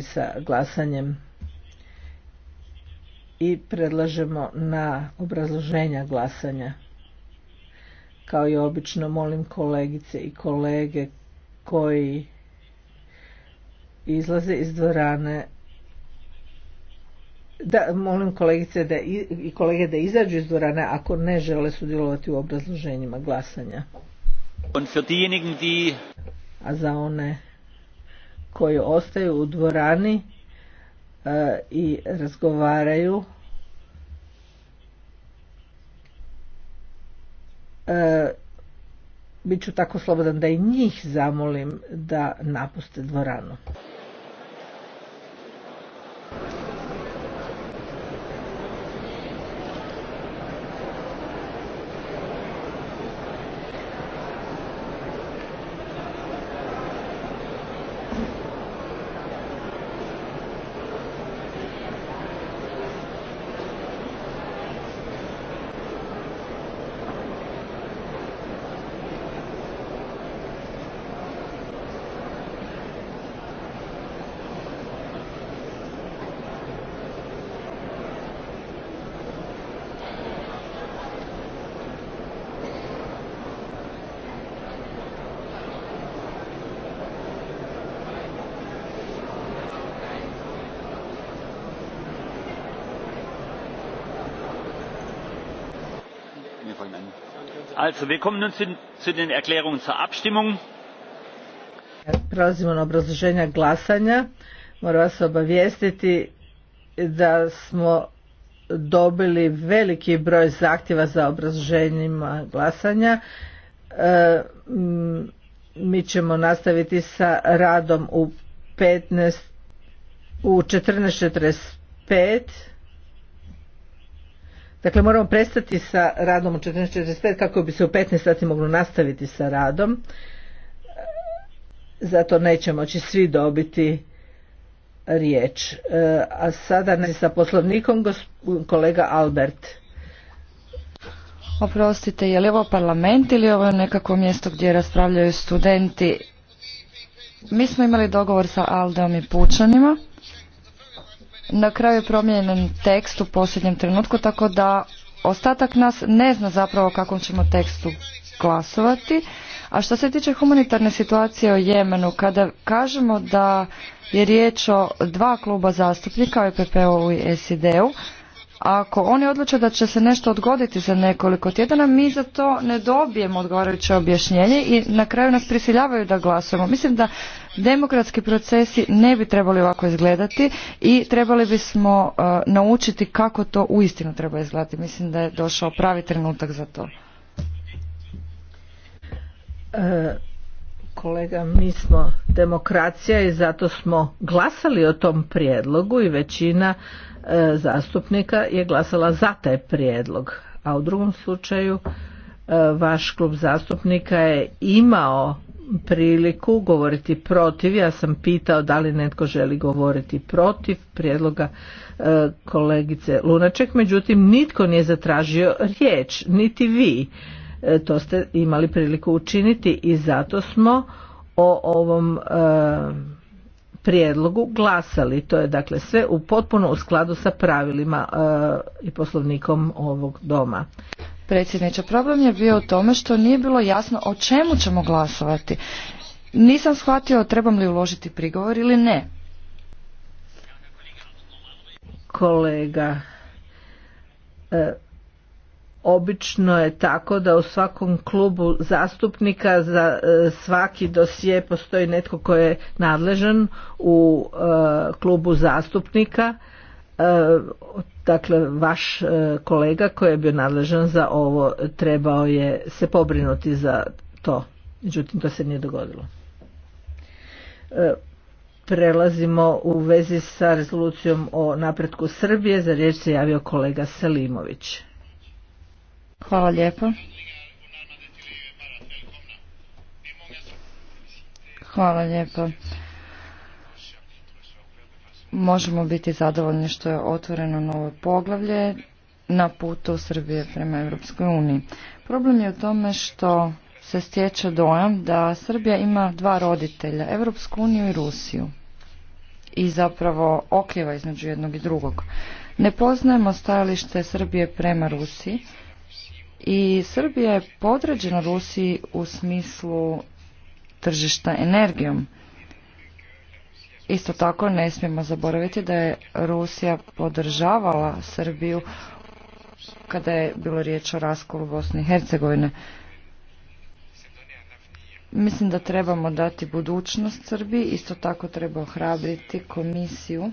sa glasanjem i predlažemo na obrazloženja glasanja. Kao i obično molim kolegice i kolege koji izlaze iz dvorane da molim kolegice da i, i kolege da izađu iz dvorane ako ne žele sudjelovati u obrazloženjima glasanja. A za one koji ostaju u dvorani e, i razgovaraju e, bit ću tako slobodan da i njih zamolim da napuste dvoranu Prelazimo na obrazloženja glasanja. Moram vas obavijestiti da smo dobili veliki broj zahtjeva za obrazloženjima glasanja. E, mi ćemo nastaviti sa radom u 15 u 14.45 Dakle, moramo prestati sa radom u 14.45 kako bi se u 15 sati moglo nastaviti sa radom. Zato nećemo svi dobiti riječ. E, a sada ne sa poslovnikom kolega Albert. Oprostite, je li ovo parlament ili ovo je nekako mjesto gdje raspravljaju studenti? Mi smo imali dogovor sa Aldeom i Pučanima na kraju je promijenjen tekst u posljednjem trenutku, tako da ostatak nas ne zna zapravo kakvom ćemo tekstu glasovati. A što se tiče humanitarne situacije o Jemenu, kada kažemo da je riječ o dva kluba zastupnika, o EPP-u i SID-u, ako oni odluče da će se nešto odgoditi za nekoliko tjedana, mi za to ne dobijemo odgovarajuće objašnjenje i na kraju nas prisiljavaju da glasujemo. Mislim da demokratski procesi ne bi trebali ovako izgledati i trebali bismo uh, naučiti kako to uistinu treba izgledati. Mislim da je došao pravi trenutak za to. E, kolega, mi smo demokracija i zato smo glasali o tom prijedlogu i većina E, zastupnika je glasala za taj prijedlog, a u drugom slučaju e, vaš klub zastupnika je imao priliku govoriti protiv. Ja sam pitao da li netko želi govoriti protiv prijedloga e, kolegice Lunaček, međutim nitko nije zatražio riječ, niti vi. to ste imali priliku učiniti i zato smo o ovom prijedlogu glasali. To je dakle sve u potpuno u skladu sa pravilima e, i poslovnikom ovog doma. Predsjedniče, problem je bio u tome što nije bilo jasno o čemu ćemo glasovati. Nisam shvatio trebam li uložiti prigovor ili ne. Kolega, e, Obično je tako da u svakom klubu zastupnika za e, svaki dosije postoji netko tko je nadležan u e, klubu zastupnika. E, dakle, vaš kolega koji je bio nadležan za ovo trebao je se pobrinuti za to. Međutim, to se nije dogodilo. Prelazimo u vezi sa rezolucijom o napretku Srbije. Za riječ se javio kolega Selimović. Hvala lijepo. Hvala lijepo. Možemo biti zadovoljni što je otvoreno novo poglavlje na putu Srbije prema Europskoj uniji. Problem je u tome što se stječe dojam da Srbija ima dva roditelja, Europsku uniju i Rusiju. I zapravo okljeva između jednog i drugog. Ne poznajemo stajalište Srbije prema Rusiji, i Srbija je podređena Rusiji u smislu tržišta energijom. Isto tako ne smijemo zaboraviti da je Rusija podržavala Srbiju kada je bilo riječ o raskolu Bosne i Hercegovine. Mislim da trebamo dati budućnost Srbiji, isto tako treba ohrabriti komisiju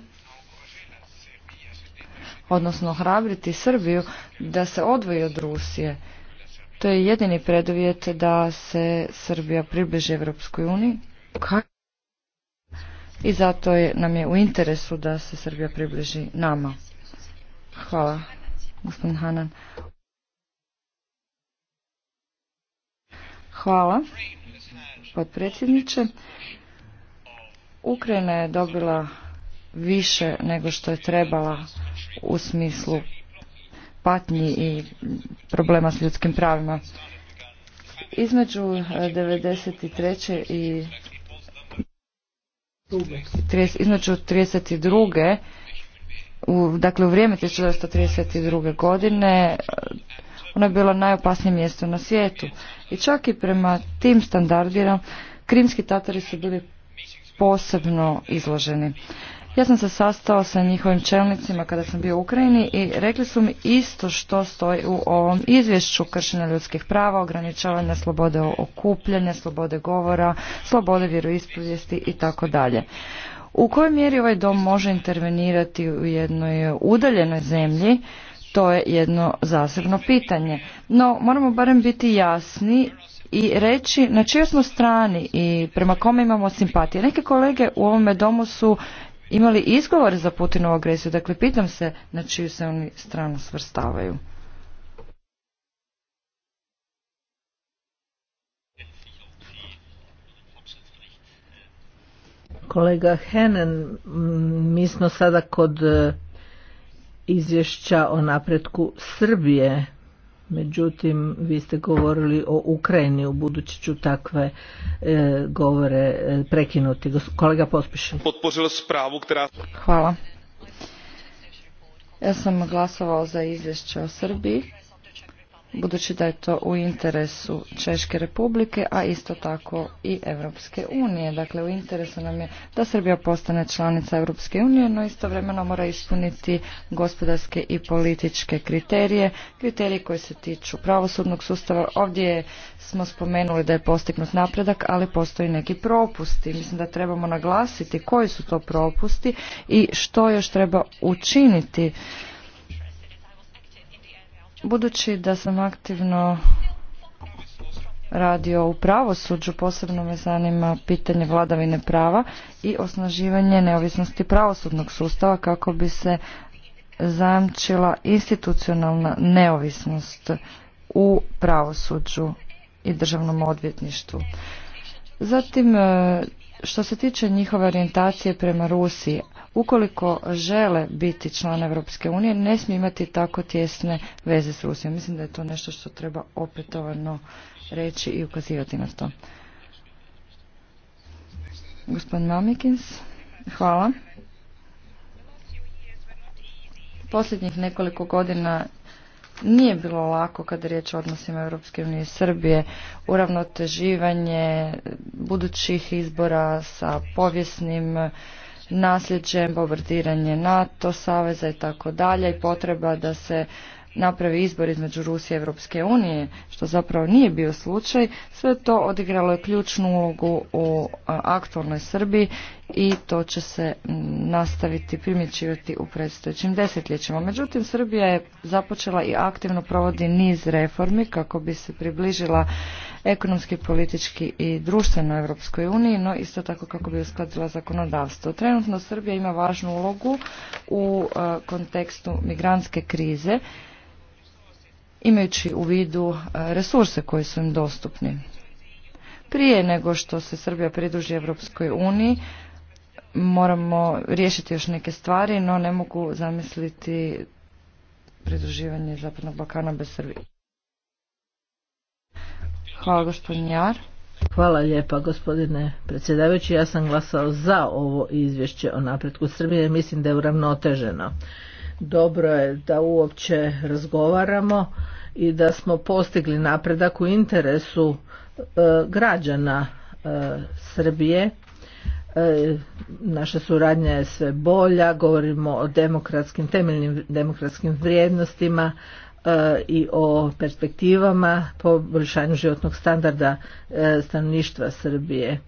odnosno hrabriti Srbiju da se odvoji od Rusije. To je jedini preduvjet da se Srbija približi Europskoj uniji. I zato je, nam je u interesu da se Srbija približi nama. Hvala, gospodin Hanan. Hvala, potpredsjedniče. Ukrajina je dobila više nego što je trebala u smislu patnji i problema s ljudskim pravima. Između 93. E, i između 32. U, dakle u vrijeme 1932. godine e, ono je bilo najopasnije mjesto na svijetu. I čak i prema tim standardima krimski tatari su bili posebno izloženi. Ja sam se sastao sa njihovim čelnicima kada sam bio u Ukrajini i rekli su mi isto što stoji u ovom izvješću kršenja ljudskih prava, ograničavanja slobode okupljanja, slobode govora, slobode vjeroispovijesti i tako dalje. U kojoj mjeri ovaj dom može intervenirati u jednoj udaljenoj zemlji, to je jedno zasebno pitanje. No, moramo barem biti jasni i reći na čijoj smo strani i prema kome imamo simpatije. Neke kolege u ovome domu su imali izgovore za Putinovu agresiju. Dakle, pitam se na čiju se oni stranu svrstavaju. Kolega Henen, mi smo sada kod e, izvješća o napretku Srbije. Međutim, vi ste govorili o Ukrajini, u budući ću takve e, govore e, prekinuti. Kolega Pospišin. spravu, Hvala. Ja sam glasovao za izvješće o Srbiji budući da je to u interesu Češke republike, a isto tako i Europske unije. Dakle, u interesu nam je da Srbija postane članica Europske unije, no istovremeno mora ispuniti gospodarske i političke kriterije, kriterije koji se tiču pravosudnog sustava. Ovdje smo spomenuli da je postignut napredak, ali postoji neki propusti. Mislim da trebamo naglasiti koji su to propusti i što još treba učiniti Budući da sam aktivno radio u pravosuđu, posebno me zanima pitanje vladavine prava i osnaživanje neovisnosti pravosudnog sustava kako bi se zamčila institucionalna neovisnost u pravosuđu i državnom odvjetništvu. Zatim, e, što se tiče njihove orijentacije prema Rusiji, ukoliko žele biti član Europske unije, ne smije imati tako tjesne veze s Rusijom. Mislim da je to nešto što treba opetovano reći i ukazivati na to. Gospodin Mamikins, hvala. Posljednjih nekoliko godina nije bilo lako kada je riječ o odnosima Europske unije i Srbije, uravnoteživanje budućih izbora sa povijesnim nasljeđe, bombardiranje NATO saveza i tako dalje i potreba da se napravi izbor između Rusije i Europske unije, što zapravo nije bio slučaj, sve to odigralo je ključnu ulogu u aktualnoj Srbiji i to će se nastaviti primjećivati u predstojećim desetljećima. Međutim, Srbija je započela i aktivno provodi niz reformi kako bi se približila ekonomski, politički i društveno Europskoj uniji, no isto tako kako bi uskladila zakonodavstvo. Trenutno Srbija ima važnu ulogu u e, kontekstu migrantske krize, imajući u vidu e, resurse koji su im dostupni. Prije nego što se Srbija pridruži Europskoj uniji, moramo riješiti još neke stvari, no ne mogu zamisliti pridruživanje Zapadnog Balkana bez Srbije. Hvala gospodin Jar. Hvala lijepa gospodine predsjedavajući. Ja sam glasao za ovo izvješće o napretku Srbije. Mislim da je uravnoteženo. Dobro je da uopće razgovaramo i da smo postigli napredak u interesu e, građana e, Srbije. E, naša suradnja je sve bolja, govorimo o demokratskim, temeljnim demokratskim vrijednostima, E, i o perspektivama poboljšanju životnog standarda e, stanovništva Srbije.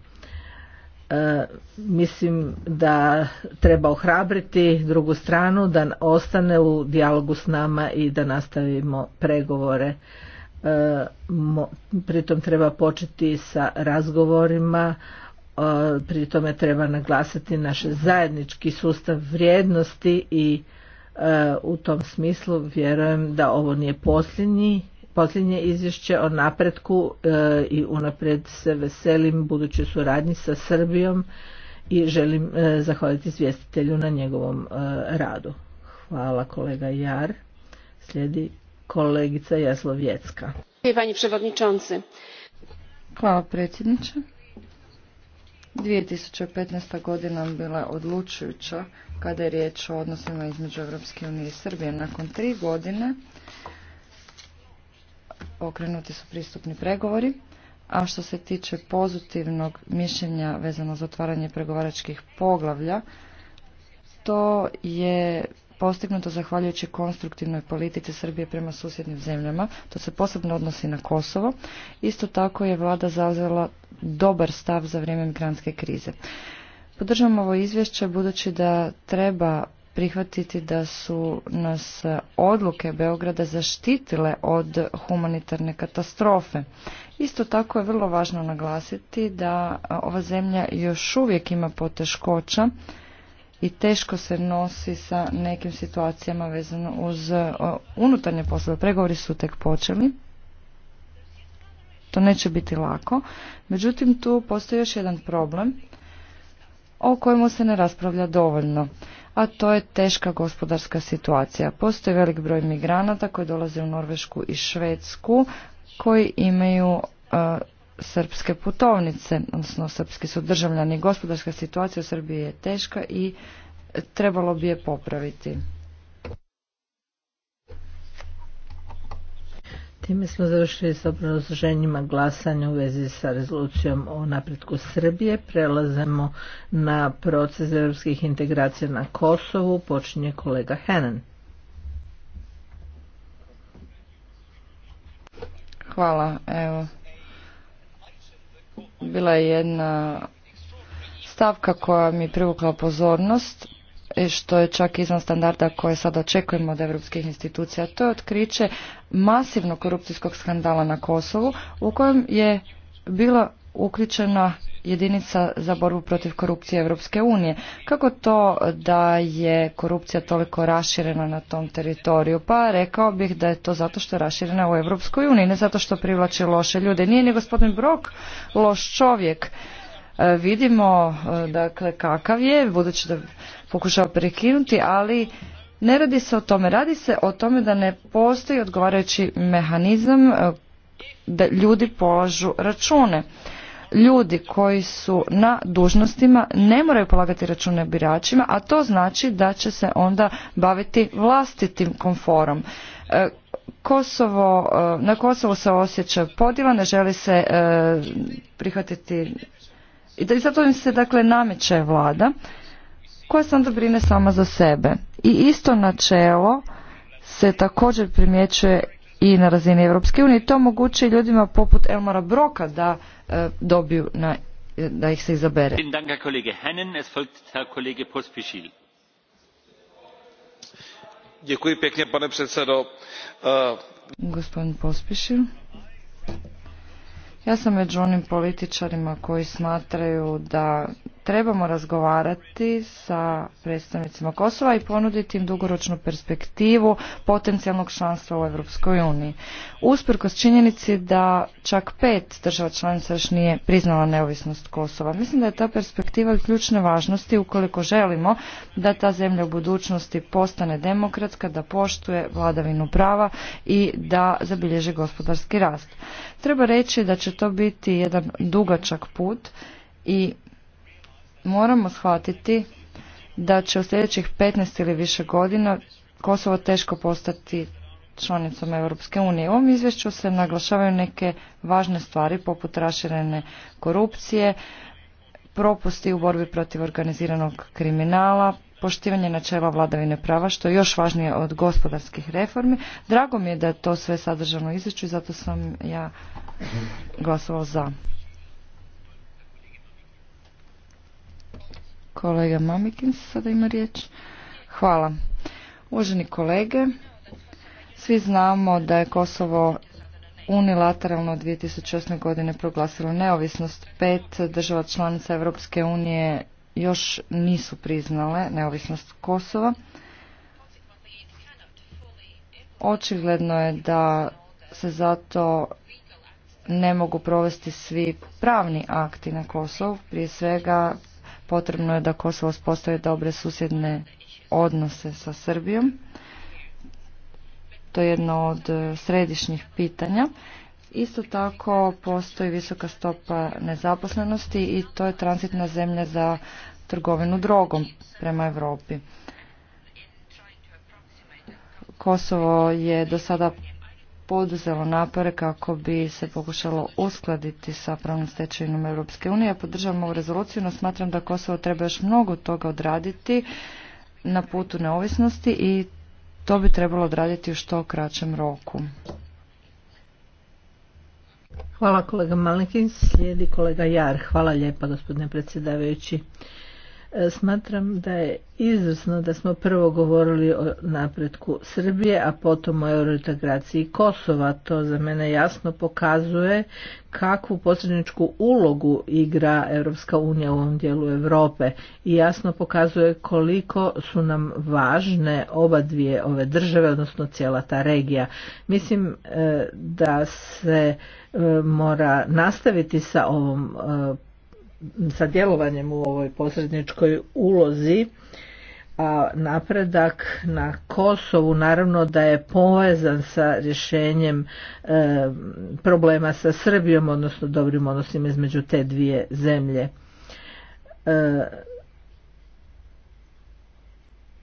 E, mislim da treba ohrabriti drugu stranu da ostane u dijalogu s nama i da nastavimo pregovore. Pritom treba početi sa razgovorima pri tome treba naglasiti naš zajednički sustav vrijednosti i u tom smislu vjerujem da ovo nije posljednji Posljednje izvješće o napretku e, i unaprijed se veselim budući suradnji sa Srbijom i želim e, zahvaliti izvjestitelju na njegovom e, radu. Hvala kolega Jar. Slijedi kolegica Jaslovjecka. Hvala predsjedniče. 2015. godina bila odlučujuća kada je riječ o odnosima između Europske unije i Srbije. Nakon tri godine okrenuti su pristupni pregovori, a što se tiče pozitivnog mišljenja vezano za otvaranje pregovaračkih poglavlja, to je postignuto zahvaljujući konstruktivnoj politici Srbije prema susjednim zemljama. To se posebno odnosi na Kosovo. Isto tako je vlada zauzela dobar stav za vrijeme migrantske krize. Podržavam ovo izvješće budući da treba prihvatiti da su nas odluke Beograda zaštitile od humanitarne katastrofe. Isto tako je vrlo važno naglasiti da ova zemlja još uvijek ima poteškoća i teško se nosi sa nekim situacijama vezano uz e, unutarnje poslove. Pregovori su tek počeli. To neće biti lako. Međutim, tu postoji još jedan problem o kojemu se ne raspravlja dovoljno, a to je teška gospodarska situacija. Postoji velik broj migranata koji dolaze u Norvešku i Švedsku koji imaju e, srpske putovnice, odnosno srpski su državljani. Gospodarska situacija u Srbiji je teška i trebalo bi je popraviti. Time smo završili s obrazloženjima glasanja u vezi sa rezolucijom o napretku Srbije. Prelazimo na proces europskih integracija na Kosovu. Počinje kolega Henan. Hvala. Evo, bila je jedna stavka koja mi privukla pozornost što je čak izvan standarda koje sada očekujemo od europskih institucija. To je otkriće masivnog korupcijskog skandala na Kosovu u kojem je bila uključena jedinica za borbu protiv korupcije Europske unije. Kako to da je korupcija toliko raširena na tom teritoriju? Pa rekao bih da je to zato što je raširena u Europskoj uniji, ne zato što privlači loše ljude. Nije ni gospodin Brok loš čovjek. E, vidimo e, dakle kakav je, budući da pokušava prekinuti, ali ne radi se o tome. Radi se o tome da ne postoji odgovarajući mehanizam e, da ljudi polažu račune ljudi koji su na dužnostima ne moraju polagati račune biračima, a to znači da će se onda baviti vlastitim komforom. E, Kosovo, e, na Kosovo se osjeća podjela, ne želi se e, prihvatiti i zato im se dakle nameće vlada koja se onda brine sama za sebe. I isto načelo se također primjećuje i na razini Europske unije. To omogućuje ljudima poput Elmara Broka da e, dobiju na da ih se izabere. Děkuji e, Gospodin Pospišil. Ja sam među onim političarima koji smatraju da trebamo razgovarati sa predstavnicima Kosova i ponuditi im dugoročnu perspektivu potencijalnog članstva u Europskoj uniji. Usprkos činjenici da čak pet država članica još nije priznala neovisnost Kosova. Mislim da je ta perspektiva od ključne važnosti ukoliko želimo da ta zemlja u budućnosti postane demokratska, da poštuje vladavinu prava i da zabilježi gospodarski rast. Treba reći da će to biti jedan dugačak put i moramo shvatiti da će u sljedećih 15 ili više godina Kosovo teško postati članicom Europske unije. U ovom izvješću se naglašavaju neke važne stvari poput raširene korupcije, propusti u borbi protiv organiziranog kriminala, poštivanje načela vladavine prava, što je još važnije od gospodarskih reformi. Drago mi je da je to sve sadržano u izvješću i zato sam ja glasovao za. Kolega mamikin sada ima riječ. Hvala. Uvaženi kolege, svi znamo da je Kosovo unilateralno 2008. godine proglasilo neovisnost. Pet država članica Europske unije još nisu priznale neovisnost Kosova. Očigledno je da se zato ne mogu provesti svi pravni akti na Kosovu, prije svega Potrebno je da Kosovo uspostavi dobre susjedne odnose sa Srbijom. To je jedno od e, središnjih pitanja. Isto tako postoji visoka stopa nezaposlenosti i to je transitna zemlja za trgovinu drogom prema Europi. Kosovo je do sada poduzelo napore kako bi se pokušalo uskladiti sa pravnom stečevinom Europske unije. Ja podržavam ovu rezoluciju, no smatram da Kosovo treba još mnogo toga odraditi na putu neovisnosti i to bi trebalo odraditi u što kraćem roku. Hvala kolega Malnikin, slijedi kolega Jar. Hvala lijepa gospodine predsjedavajući. Smatram da je izvrsno da smo prvo govorili o napretku Srbije, a potom o eurointegraciji Kosova. To za mene jasno pokazuje kakvu posredničku ulogu igra Europska unija u ovom dijelu Europe i jasno pokazuje koliko su nam važne oba dvije ove države, odnosno cijela ta regija. Mislim e, da se e, mora nastaviti sa ovom e, sa djelovanjem u ovoj posredničkoj ulozi a napredak na Kosovu naravno da je povezan sa rješenjem e, problema sa Srbijom odnosno dobrim odnosima između te dvije zemlje e,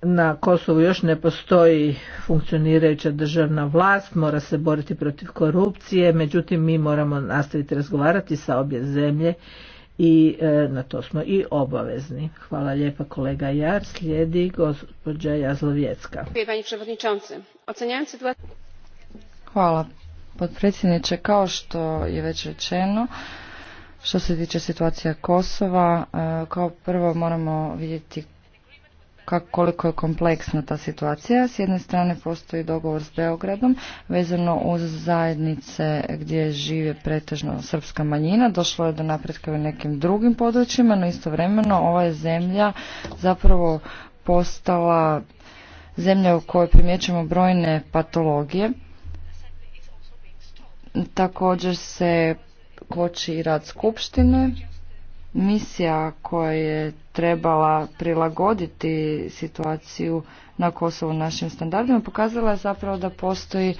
na Kosovu još ne postoji funkcionirajuća državna vlast, mora se boriti protiv korupcije, međutim mi moramo nastaviti razgovarati sa obje zemlje i e, na to smo i obavezni. Hvala lijepa kolega Jar. Slijedi gospođa Jazlovjecka. Hvala potpredsjedniče. Kao što je već rečeno, što se tiče situacija Kosova, e, kao prvo moramo vidjeti kako, koliko je kompleksna ta situacija. S jedne strane postoji dogovor s Beogradom vezano uz zajednice gdje žive pretežno srpska manjina. Došlo je do napretka u nekim drugim područjima, no istovremeno ova je zemlja zapravo postala zemlja u kojoj primjećujemo brojne patologije. Također se koči i rad skupštine misija koja je trebala prilagoditi situaciju na Kosovu našim standardima pokazala je zapravo da postoji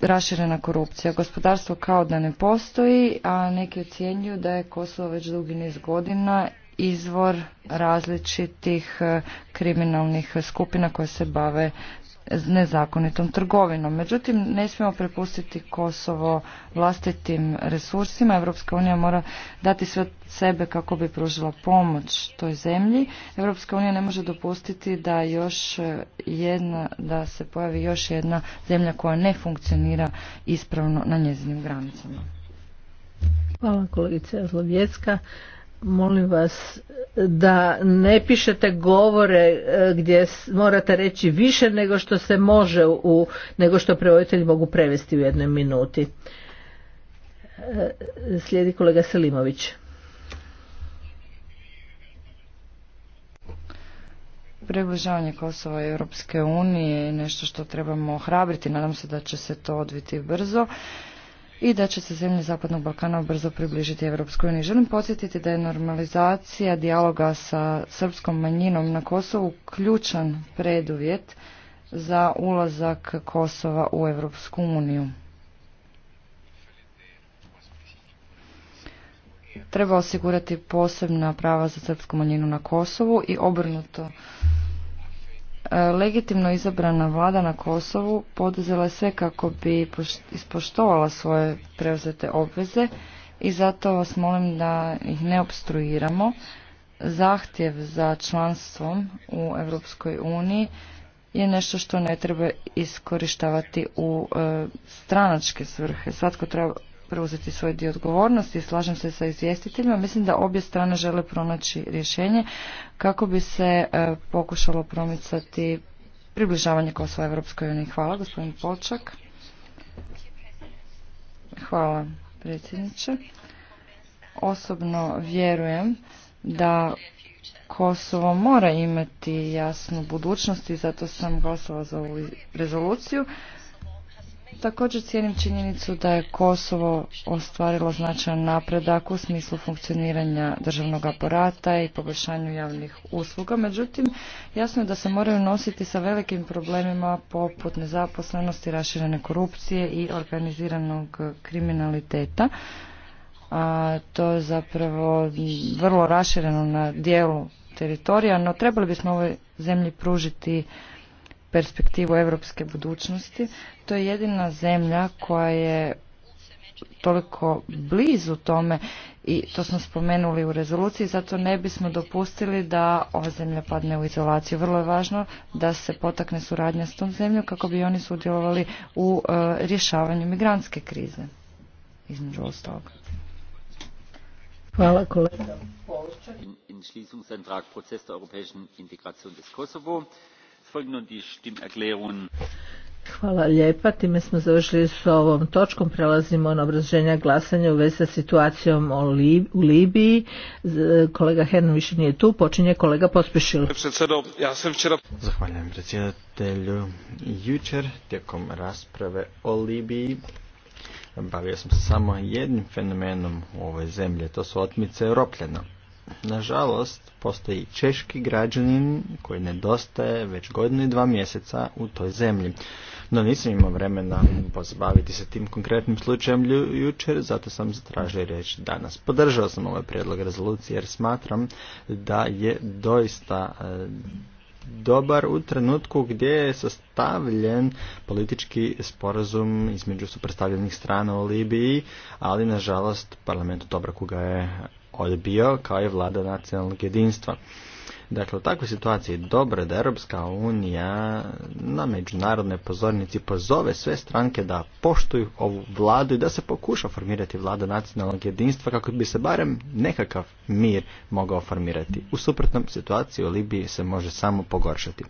raširena korupcija. Gospodarstvo kao da ne postoji, a neki ocjenjuju da je Kosovo već dugi niz godina izvor različitih eh, kriminalnih skupina koje se bave nezakonitom trgovinom. Međutim, ne smijemo prepustiti Kosovo vlastitim resursima. Europska unija mora dati sve od sebe kako bi pružila pomoć toj zemlji. Europska unija ne može dopustiti da još jedna, da se pojavi još jedna zemlja koja ne funkcionira ispravno na njezinim granicama. Hvala kolegice molim vas da ne pišete govore e, gdje morate reći više nego što se može u, nego što prevoditelji mogu prevesti u jednoj minuti. E, slijedi kolega Selimović. Približavanje Kosova i Europske unije je nešto što trebamo hrabriti. Nadam se da će se to odviti brzo i da će se zemlje Zapadnog Balkana brzo približiti Europskoj uniji. Želim podsjetiti da je normalizacija dijaloga sa srpskom manjinom na Kosovu ključan preduvjet za ulazak Kosova u Europsku uniju. Treba osigurati posebna prava za srpsku manjinu na Kosovu i obrnuto E, legitimno izabrana vlada na Kosovu poduzela je sve kako bi ispoštovala svoje preuzete obveze i zato vas molim da ih ne obstruiramo. Zahtjev za članstvom u Europskoj uniji je nešto što ne treba iskorištavati u e, stranačke svrhe. Svatko treba preuzeti svoj dio odgovornosti. Slažem se sa izvjestiteljima. Mislim da obje strane žele pronaći rješenje kako bi se e, pokušalo promicati približavanje Kosova Evropskoj uniji. Hvala, gospodin Polčak. Hvala, predsjedniče. Osobno vjerujem da Kosovo mora imati jasnu budućnost i zato sam glasala za ovu rezoluciju. Također cijenim činjenicu da je Kosovo ostvarilo značajan napredak u smislu funkcioniranja državnog aparata i poboljšanju javnih usluga. Međutim, jasno je da se moraju nositi sa velikim problemima poput nezaposlenosti, raširene korupcije i organiziranog kriminaliteta. to je zapravo vrlo rašireno na dijelu teritorija, no trebali bismo ovoj zemlji pružiti perspektivu europske budućnosti. To je jedina zemlja koja je toliko blizu tome i to smo spomenuli u rezoluciji, zato ne bismo dopustili da ova zemlja padne u izolaciju. Vrlo je važno da se potakne suradnja s tom zemljom kako bi oni sudjelovali u e, rješavanju migrantske krize, između ostalog. Hvala kolega. Hvala lijepa, time smo završili s ovom točkom, prelazimo na obrazženja glasanja u vezi sa situacijom u Libiji. Kolega Hern više nije tu, počinje kolega Pospešil. Zahvaljujem predsjedatelju. Jučer tijekom rasprave o Libiji bavio sam se samo jednim fenomenom u ovoj zemlji, to su otmice Europljena. Nažalost, postoji češki građanin koji nedostaje već godinu i dva mjeseca u toj zemlji. No nisam imao vremena pozbaviti se tim konkretnim slučajem jučer, zato sam zatražio riječ danas. Podržao sam ovaj prijedlog rezolucije jer smatram da je doista e, dobar u trenutku gdje je sastavljen politički sporazum između suprotstavljenih strana u Libiji, ali nažalost parlament u Dobraku ga je odbio kao i vlada nacionalnog jedinstva. Dakle, u takvoj situaciji dobro je da Europska unija na međunarodnoj pozornici pozove sve stranke da poštuju ovu vladu i da se pokuša formirati vlada nacionalnog jedinstva kako bi se barem nekakav mir mogao formirati. U suprotnom situaciji u Libiji se može samo pogoršati.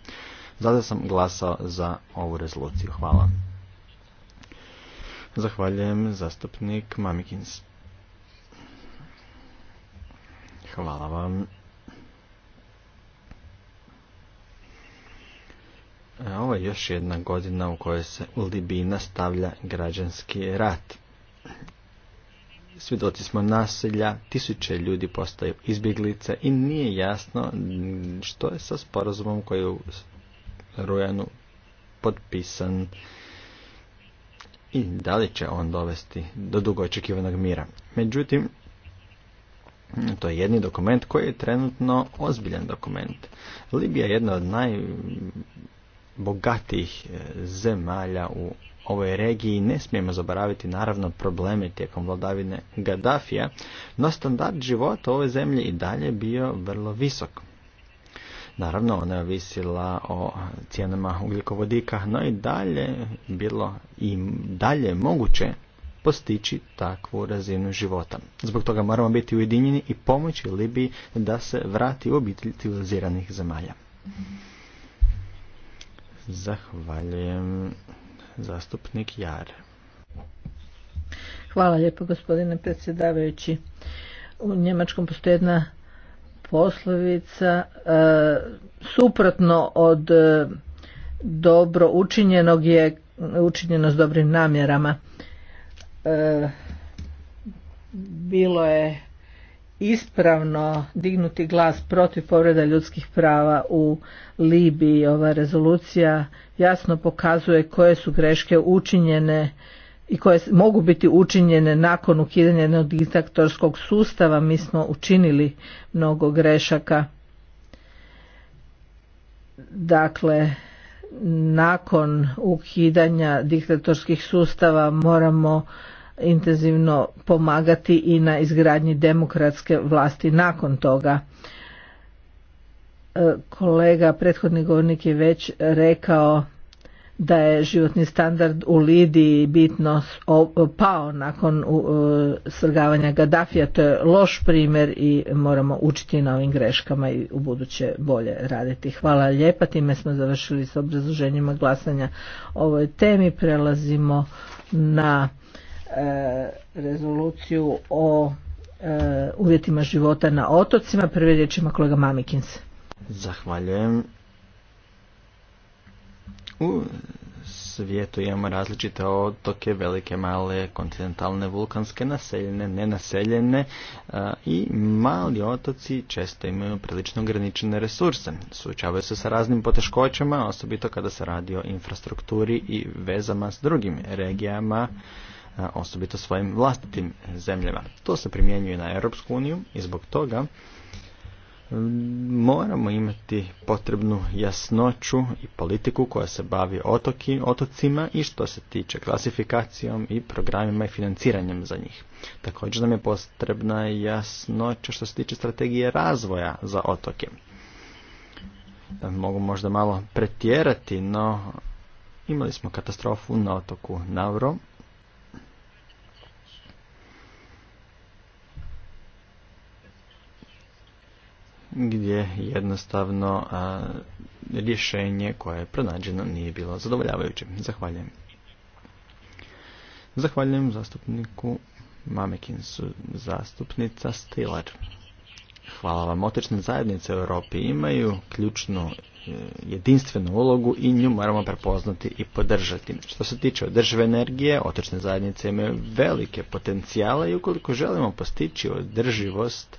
Zato sam glasao za ovu rezoluciju. Hvala. Zahvaljujem zastupnik Mamikins. Hvala vam. E, ovo je još jedna godina u kojoj se u Libiji nastavlja građanski rat. Svjedoci smo nasilja, tisuće ljudi postaju izbjeglice i nije jasno što je sa sporazumom koji je u Rujanu potpisan i da li će on dovesti do dugo očekivanog mira. Međutim, to je jedni dokument koji je trenutno ozbiljan dokument. Libija je jedna od najbogatijih e, zemalja u ovoj regiji ne smijemo zaboraviti naravno probleme tijekom vladavine Gaddafija, no standard života ove zemlje zemlji i dalje bio vrlo visok. Naravno, ona je ovisila o cijenama ugljikovodika, no i dalje bilo i dalje moguće postići takvu razinu života. Zbog toga moramo biti ujedinjeni i pomoći Libiji da se vrati u obitelj civiliziranih zemalja. Zahvaljujem zastupnik Jar. Hvala lijepo gospodine predsjedavajući. U Njemačkom postoji jedna poslovica e, suprotno od e, dobro učinjenog je učinjeno s dobrim namjerama. E, bilo je ispravno dignuti glas protiv povreda ljudskih prava u Libiji. Ova rezolucija jasno pokazuje koje su greške učinjene i koje mogu biti učinjene nakon ukidanja jednog diktatorskog sustava. Mi smo učinili mnogo grešaka. Dakle, nakon ukidanja diktatorskih sustava moramo intenzivno pomagati i na izgradnji demokratske vlasti nakon toga. E, kolega, prethodni govornik je već rekao da je životni standard u Lidiji bitno pao nakon e, svrgavanja Gaddafija. To je loš primjer i moramo učiti na ovim greškama i u buduće bolje raditi. Hvala lijepa, time smo završili s obrazloženjima glasanja ovoj temi. Prelazimo na e, rezoluciju o e, uvjetima života na otocima. Prvi riječ ima kolega Mamikins. Zahvaljujem. U svijetu imamo različite otoke, velike, male, kontinentalne, vulkanske, naseljene, nenaseljene i mali otoci često imaju prilično ograničene resurse. Suočavaju se sa raznim poteškoćama, osobito kada se radi o infrastrukturi i vezama s drugim regijama, osobito svojim vlastitim zemljama. To se primjenjuje na Europsku uniju i zbog toga moramo imati potrebnu jasnoću i politiku koja se bavi otoki, otocima i što se tiče klasifikacijom i programima i financiranjem za njih. Također nam je potrebna jasnoća što se tiče strategije razvoja za otoke. Mogu možda malo pretjerati, no imali smo katastrofu na otoku Navro, gdje jednostavno a, rješenje koje je pronađeno nije bilo zadovoljavajuće. Zahvaljujem. Zahvaljujem zastupniku Mamekinsu, zastupnica Stilar. Hvala vam. Otočne zajednice u Europi imaju ključnu e, jedinstvenu ulogu i nju moramo prepoznati i podržati. Što se tiče održive energije, otočne zajednice imaju velike potencijale i ukoliko želimo postići održivost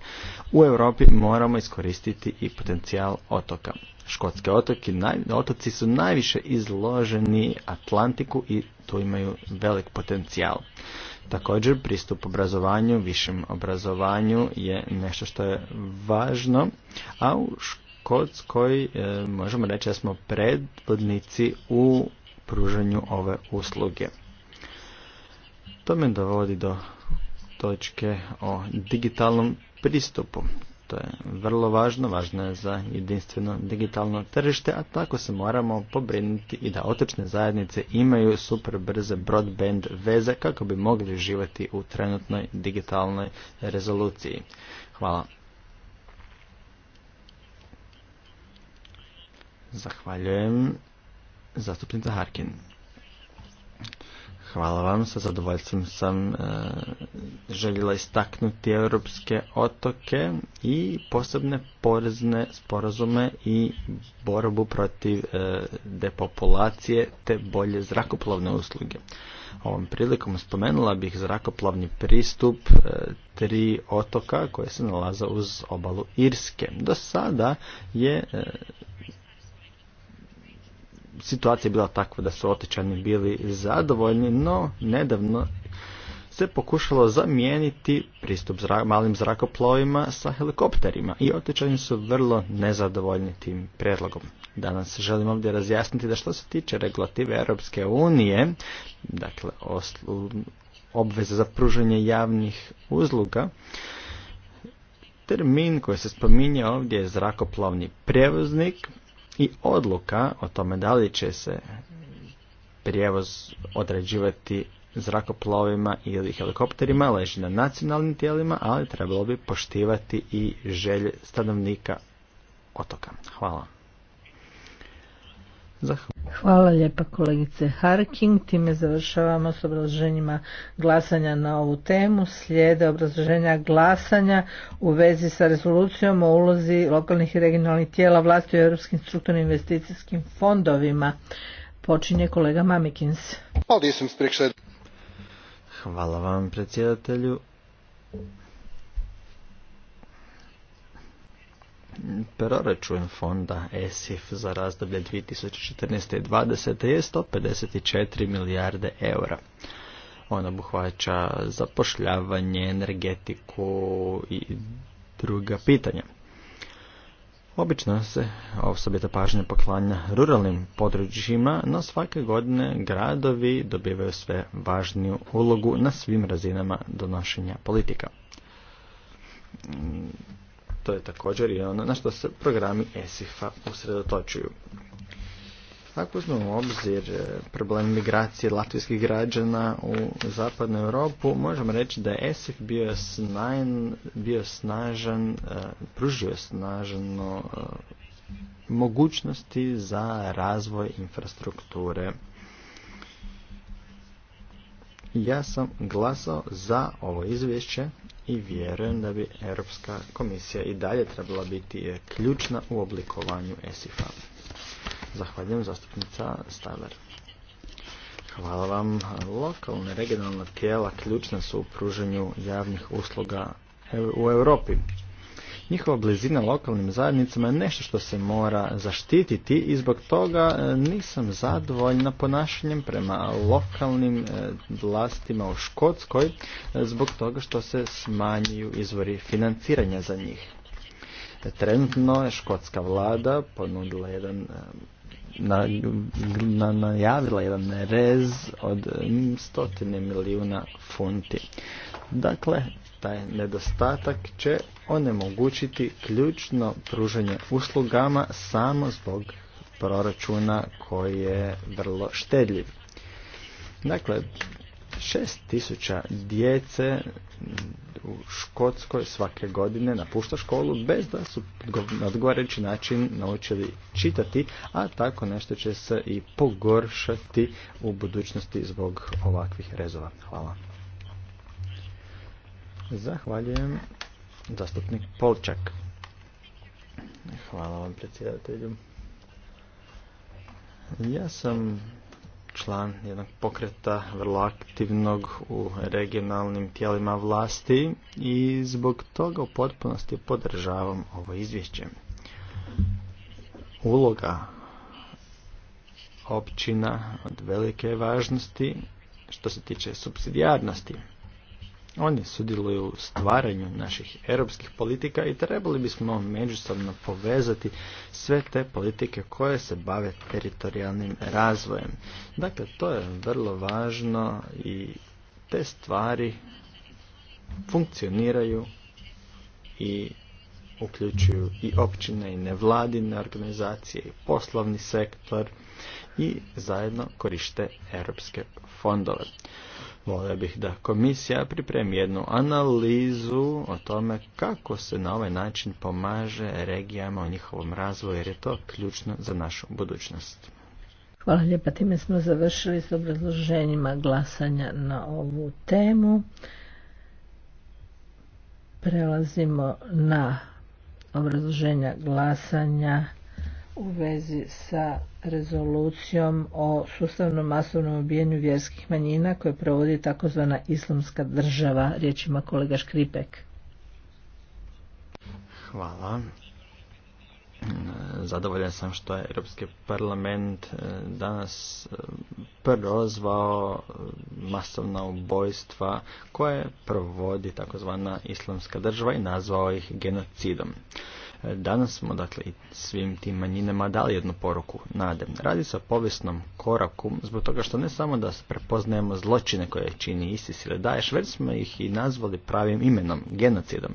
u Europi moramo iskoristiti i potencijal otoka. Škotske otoki, naj, otoci su najviše izloženi Atlantiku i tu imaju velik potencijal. Također pristup obrazovanju, višem obrazovanju je nešto što je važno, a u Škotskoj e, možemo reći da smo predvodnici u pružanju ove usluge. To me dovodi do točke o digitalnom pristupu. To je vrlo važno, važno je za jedinstveno digitalno tržište, a tako se moramo pobrinuti i da otočne zajednice imaju super brze broadband veze kako bi mogli živjeti u trenutnoj digitalnoj rezoluciji. Hvala. Zahvaljujem. Zastupnica Harkin. Hvala vam, sa zadovoljstvom sam e, željela istaknuti europske otoke i posebne porezne sporazume i borbu protiv e, depopulacije te bolje zrakoplovne usluge. Ovom prilikom spomenula bih zrakoplovni pristup e, tri otoka koje se nalaze uz obalu Irske. Do sada je e, situacija je bila takva da su otečani bili zadovoljni, no nedavno se pokušalo zamijeniti pristup malim zrakoplovima sa helikopterima i otečani su vrlo nezadovoljni tim prijedlogom. Danas želim ovdje razjasniti da što se tiče regulative Europske unije, dakle obveze za pružanje javnih uzluga, termin koji se spominje ovdje je zrakoplovni prevoznik, i odluka o tome da li će se prijevoz određivati zrakoplovima ili helikopterima leži na nacionalnim tijelima, ali trebalo bi poštivati i želje stanovnika otoka. Hvala. Hvala lijepa kolegice Harking. Time završavamo s obrazloženjima glasanja na ovu temu. Slijede obrazloženja glasanja u vezi sa rezolucijom o ulozi lokalnih i regionalnih tijela vlasti u europskim strukturnim investicijskim fondovima. Počinje kolega Mamikins. Hvala vam predsjedatelju. Proračun fonda ESIF za razdoblje 2014. i 2020. je 154 milijarde eura. On obuhvaća zapošljavanje, energetiku i druga pitanja. Obično se osobita pažnja poklanja ruralnim područjima, no svake godine gradovi dobivaju sve važniju ulogu na svim razinama donošenja politika to je također i ono na što se programi ESIF-a usredotočuju. Ako uzmemo u obzir e, problem migracije latvijskih građana u zapadnu Europu, možemo reći da je ESIF bio, snajan, bio snažan, e, pružio snažno e, mogućnosti za razvoj infrastrukture ja sam glasao za ovo izvješće i vjerujem da bi Europska komisija i dalje trebala biti ključna u oblikovanju ESIF-a. Zahvaljujem zastupnica Stavler. Hvala vam. Lokalne regionalna tijela ključna su u pruženju javnih usluga u Europi njihova blizina lokalnim zajednicama je nešto što se mora zaštititi i zbog toga e, nisam zadovoljna ponašanjem prema lokalnim e, vlastima u Škotskoj e, zbog toga što se smanjuju izvori financiranja za njih. Trenutno je škotska vlada ponudila jedan na, najavila jedan rez od stotine milijuna funti. Dakle, taj nedostatak će onemogućiti ključno pružanje uslugama samo zbog proračuna koji je vrlo štedljiv. Dakle, 6000 djece u Škotskoj svake godine napušta školu bez da su na odgovarajući način naučili čitati, a tako nešto će se i pogoršati u budućnosti zbog ovakvih rezova. Hvala. Zahvaljujem. Zastupnik Polčak. Hvala vam predsjedatelju. Ja sam član jednog pokreta vrlo aktivnog u regionalnim tijelima vlasti i zbog toga u potpunosti podržavam ovo izvješće. Uloga općina od velike važnosti što se tiče subsidijarnosti oni sudjeluju u stvaranju naših europskih politika i trebali bismo međusobno povezati sve te politike koje se bave teritorijalnim razvojem. Dakle, to je vrlo važno i te stvari funkcioniraju i uključuju i općine i nevladine organizacije i poslovni sektor i zajedno korište europske fondove. Molio bih da komisija pripremi jednu analizu o tome kako se na ovaj način pomaže regijama u njihovom razvoju jer je to ključno za našu budućnost. Hvala lijepa, time smo završili s obrazloženjima glasanja na ovu temu. Prelazimo na obrazloženja glasanja u vezi sa rezolucijom o sustavnom masovnom ubijanju vjerskih manjina koje provodi takozvana islamska država, riječima kolega Škripek. Hvala. Zadovoljan sam što je Europski parlament eh, danas eh, prozvao eh, masovna ubojstva koje provodi takozvana islamska država i nazvao ih genocidom. Danas smo dakle i svim tim manjinama dali jednu poruku nadem. Radi se o povijesnom koraku zbog toga što ne samo da prepoznajemo zločine koje čini isti ili Daesh, već smo ih i nazvali pravim imenom, genocidom.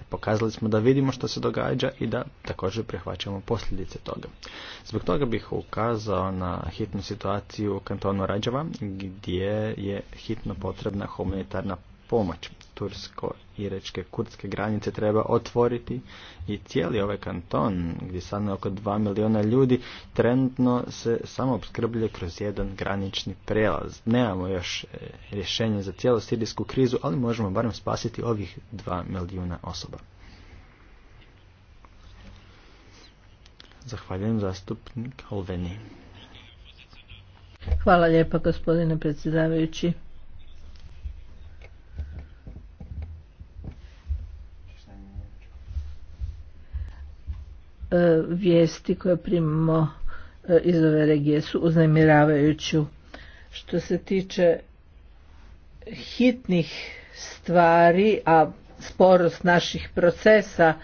E, pokazali smo da vidimo što se događa i da također prihvaćamo posljedice toga. Zbog toga bih ukazao na hitnu situaciju u kantonu Rađava gdje je hitno potrebna humanitarna pomoć. Tursko-iračke kurdske granice treba otvoriti i cijeli ovaj kanton gdje sad oko 2 milijuna ljudi trenutno se samo obskrblje kroz jedan granični prelaz. Nemamo još e, rješenje za cijelu sirijsku krizu, ali možemo barem spasiti ovih 2 milijuna osoba. Zahvaljujem zastupnik Alveni. Hvala lijepa gospodine predsjedavajući. E, vijesti koje primamo e, iz ove regije su uznemiravajuću. Što se tiče hitnih stvari, a sporost naših procesa,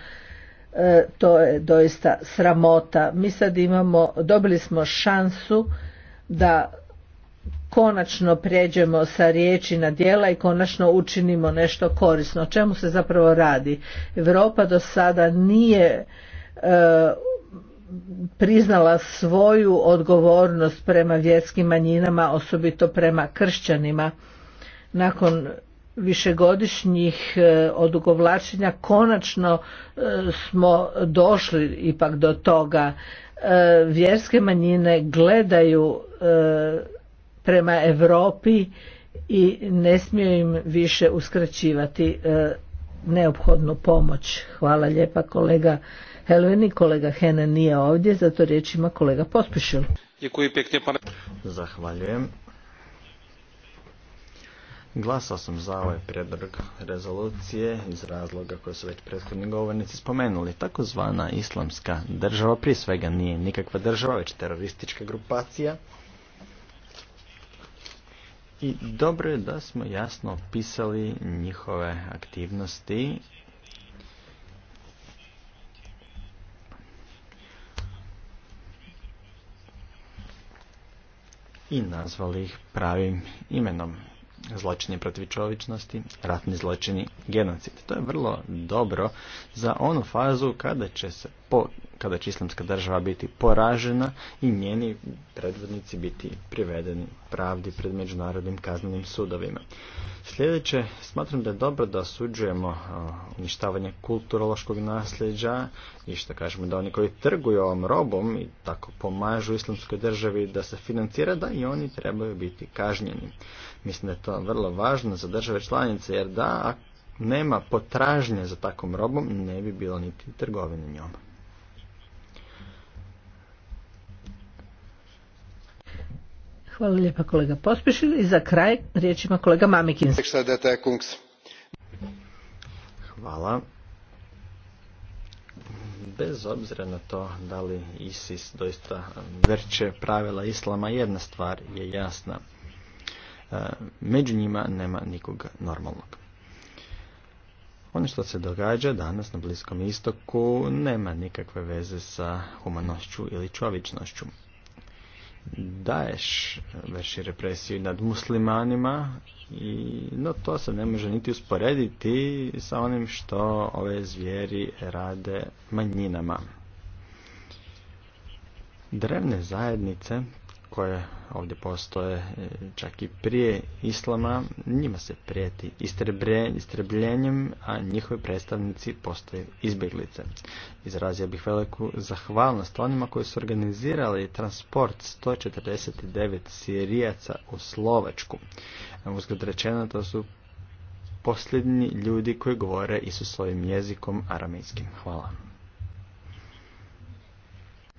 e, to je doista sramota. Mi sad imamo, dobili smo šansu da konačno pređemo sa riječi na djela i konačno učinimo nešto korisno. O čemu se zapravo radi? Europa do sada nije priznala svoju odgovornost prema vjerskim manjinama, osobito prema kršćanima. Nakon višegodišnjih e, odugovlačenja konačno e, smo došli ipak do toga. E, vjerske manjine gledaju prema Europi i ne smiju im više uskraćivati neophodnu pomoć. Hvala lijepa kolega Helveni, kolega Hena nije ovdje, zato riječ ima kolega Pospišil. Zahvaljujem. Glasao sam za ovaj prijedlog rezolucije iz razloga koje su već prethodni govornici spomenuli. Takozvana islamska država prije svega nije nikakva država, već teroristička grupacija. I dobro je da smo jasno opisali njihove aktivnosti i nazvali ih pravim imenom. Zločini protiv čovječnosti, ratni zločini, genocid. To je vrlo dobro za onu fazu kada će se po kada će islamska država biti poražena i njeni predvodnici biti privedeni pravdi pred međunarodnim kaznenim sudovima. Sljedeće, smatram da je dobro da osuđujemo uništavanje kulturološkog nasljeđa i što kažemo da oni koji trguju ovom robom i tako pomažu islamskoj državi da se financira, da i oni trebaju biti kažnjeni. Mislim da je to vrlo važno za države članice, jer da, nema potražnje za takvom robom, ne bi bilo niti trgovine njom. Hvala lijepa kolega Pospišil i za kraj riječ kolega Mamikins. Hvala. Bez obzira na to da li ISIS doista vrče pravila islama, jedna stvar je jasna. E, među njima nema nikoga normalnog. Ono što se događa danas na Bliskom istoku nema nikakve veze sa humanošću ili čovječnošću daješ vrši represiju nad muslimanima i no to se ne može niti usporediti sa onim što ove zvijeri rade manjinama. Drevne zajednice koje ovdje postoje e, čak i prije islama, njima se prijeti istrebljenjem, a njihovi predstavnici postoje izbjeglice. Izrazio bih veliku zahvalnost onima koji su organizirali transport 149 sirijaca u Slovačku. Uzgled rečeno to su posljednji ljudi koji govore svojim jezikom aramejskim. Hvala.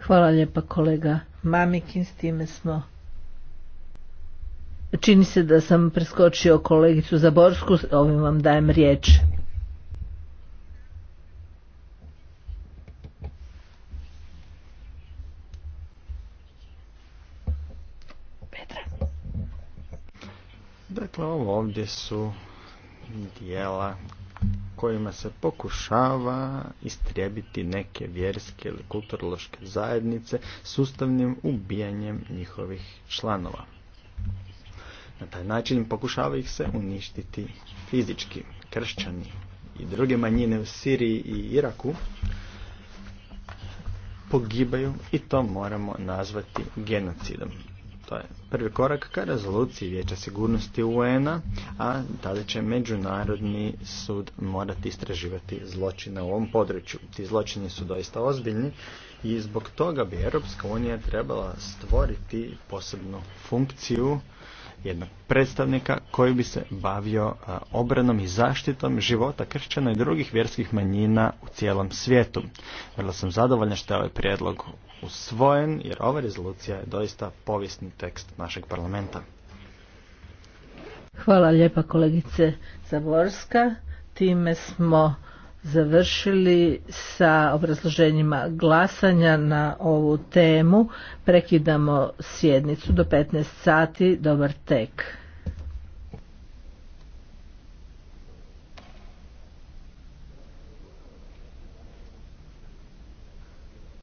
Hvala lijepa kolega Mamikin, s time smo... Čini se da sam preskočio kolegicu Zaborsku, ovim vam dajem riječ. Petra. Dakle, ovo ovdje su dijela kojima se pokušava istrijebiti neke vjerske ili kulturološke zajednice sustavnim ubijanjem njihovih članova. Na taj način pokušava ih se uništiti fizički. Kršćani i druge manjine u Siriji i Iraku pogibaju i to moramo nazvati genocidom. To je prvi korak ka rezoluciji Vijeća sigurnosti UN-a, a tada će Međunarodni sud morati istraživati zločine u ovom području. Ti zločini su doista ozbiljni i zbog toga bi Europska unija trebala stvoriti posebnu funkciju jednog predstavnika koji bi se bavio obranom i zaštitom života kršćana i drugih vjerskih manjina u cijelom svijetu. Vrlo sam zadovoljna što je ovaj prijedlog usvojen jer ova rezolucija je doista povijesni tekst našeg parlamenta. Hvala lijepa kolegice Zaborska. Time smo završili sa obrazloženjima glasanja na ovu temu. Prekidamo sjednicu do 15 sati. Dobar tek.